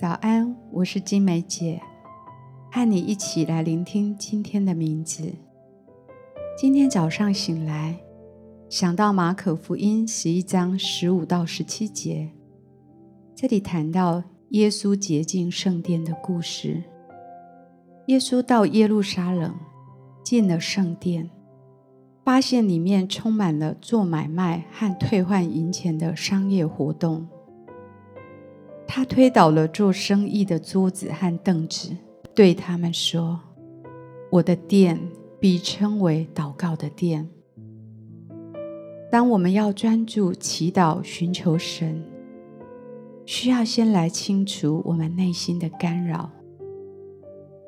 早安，我是晶玫姊，和你一起來聆聽今天的名字。今天早上醒來，想到馬可福音十一章十五到十七節，這裡談到耶穌潔淨聖殿的故事。耶穌到耶路撒冷，進了聖殿，發現裡面充滿了做買賣和退換銀錢的商業活動。他推倒了做生意的桌子和凳子，對他們說：“我的殿必稱為禱告的殿。”當我們要專注祈禱、尋求神，需要先來清除我們內心的干擾，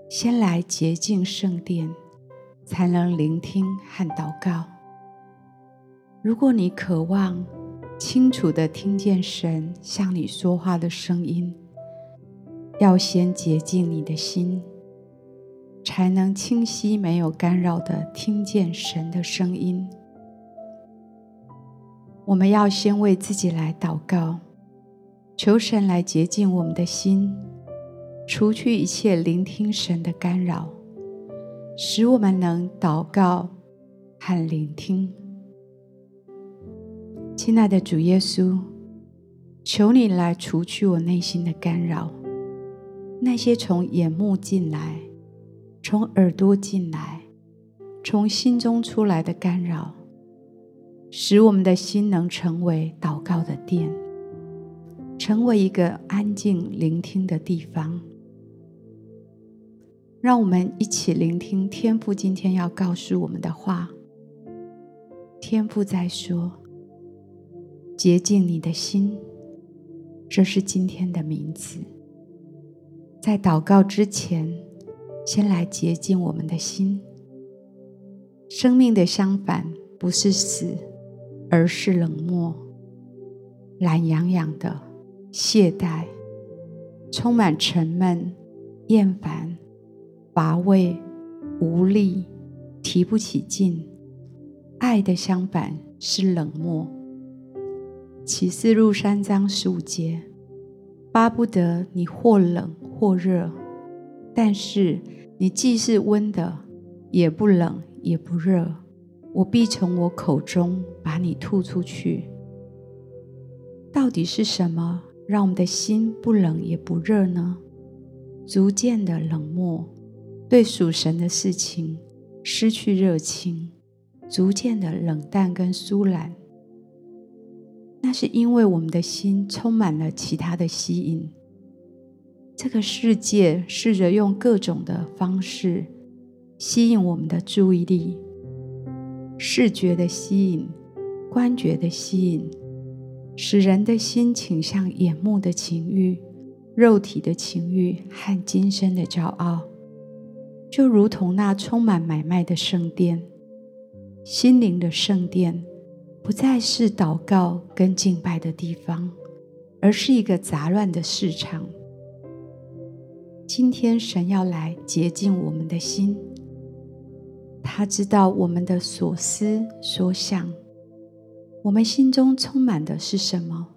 先來潔淨聖殿，才能聆聽和禱告。如果你渴望，清楚的聽見神向你說話的聲音，要先潔淨你的心，才能清晰沒有干擾的聽見神的聲音。我們要先為自己來禱告，求神來潔淨我們的心，除去一切聆聽神的干擾，使我們能禱告和聆聽。親愛的主耶穌，求你來除去我內心的干擾，那些從眼目進來、從耳朵進來、從心中出來的干擾，使我們的心能成為禱告的殿，成為一個安靜聆聽的地方。讓我們一起聆聽天父今天要告訴我們的話。天父在說。潔淨你的心，這是今天的名字。在禱告之前，先來潔淨我們的心。生命的相反不是死，而是冷漠、懶洋洋的懈怠，充滿沉悶、厭煩、乏味、無力、提不起勁。愛的相反是冷漠。啟示錄三章十五節：巴不得你或冷或熱，但是你既是溫的，也不冷也不熱，我必從我口中把你吐出去。到底是什麼讓我們的心不冷也不熱呢？逐漸的冷漠，對屬神的事情失去熱情，逐漸的冷淡跟疏懶。那是因為我們的心充滿了其他的吸引，這個世界試着用各種的方式吸引我們的注意力，視覺的吸引、觀覺的吸引，使人的心傾向眼目的情欲、肉體的情欲和今生的驕傲，就如同那充滿買賣的聖殿、心靈的聖殿。不再是禱告跟敬拜的地方，而是一個雜亂的市場。今天神要來潔淨我們的心，他知道我們的所思所想，我們心中充滿的是什麼，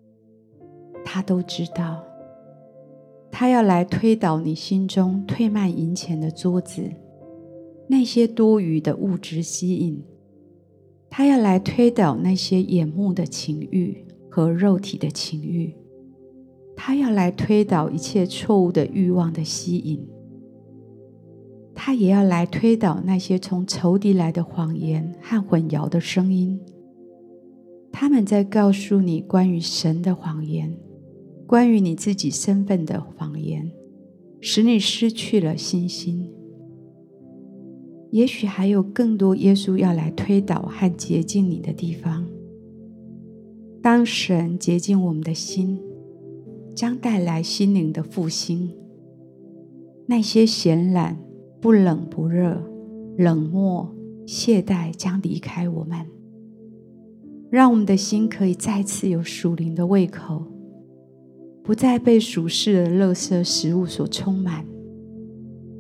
他都知道。他要來推倒你心中推滿銀錢的桌子，那些多餘的物質吸引。他要來推倒那些眼目的情慾和肉體的情慾，他要來推倒一切錯誤的慾望的吸引，他也要來推倒那些從仇敵來的謊言和混淆的聲音。他們在告訴你關於神的謊言，關於你自己身份的謊言，使你失去了信心。也許還有更多耶穌要來推倒和潔淨你的地方。當神潔淨我們的心，將帶來心靈的復興。那些閒懶、不冷不熱、冷漠、懈怠將離開我們，讓我們的心可以再次有屬靈的胃口，不再被俗世的垃圾食物所充滿。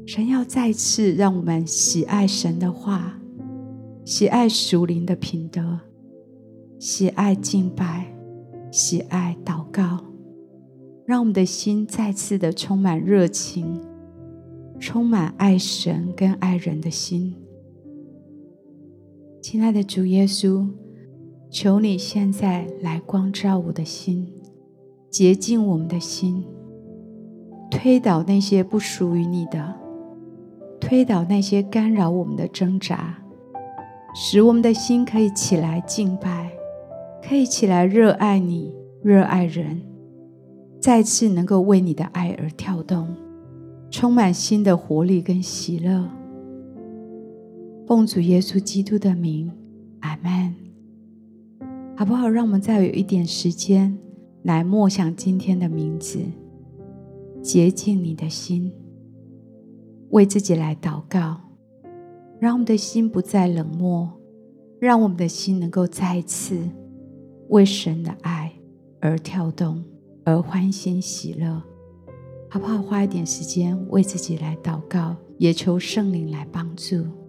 神要再次讓我們喜愛神的話，喜愛屬靈的品德，喜愛敬拜，喜愛禱告，讓我們的心再次的充滿熱情，充滿愛神跟愛人的心。親愛的主耶穌，求你現在來光照我的心，潔淨我們的心，推倒那些不屬於你的。推倒那些干擾我們的掙扎，使我們的心可以起來敬拜，可以起來熱愛你、熱愛人，再次能夠為你的愛而跳動，充滿新的活力跟喜樂。奉主耶穌基督的名，阿門。好不好？讓我們再有一點時間來默想今天的名字，潔淨你的心。為自己來禱告，讓我們的心不再冷漠，讓我們的心能夠再次為神的愛而跳動，而歡欣喜、喜樂。好不好？花一點時間為自己來禱告，也求聖靈來幫助。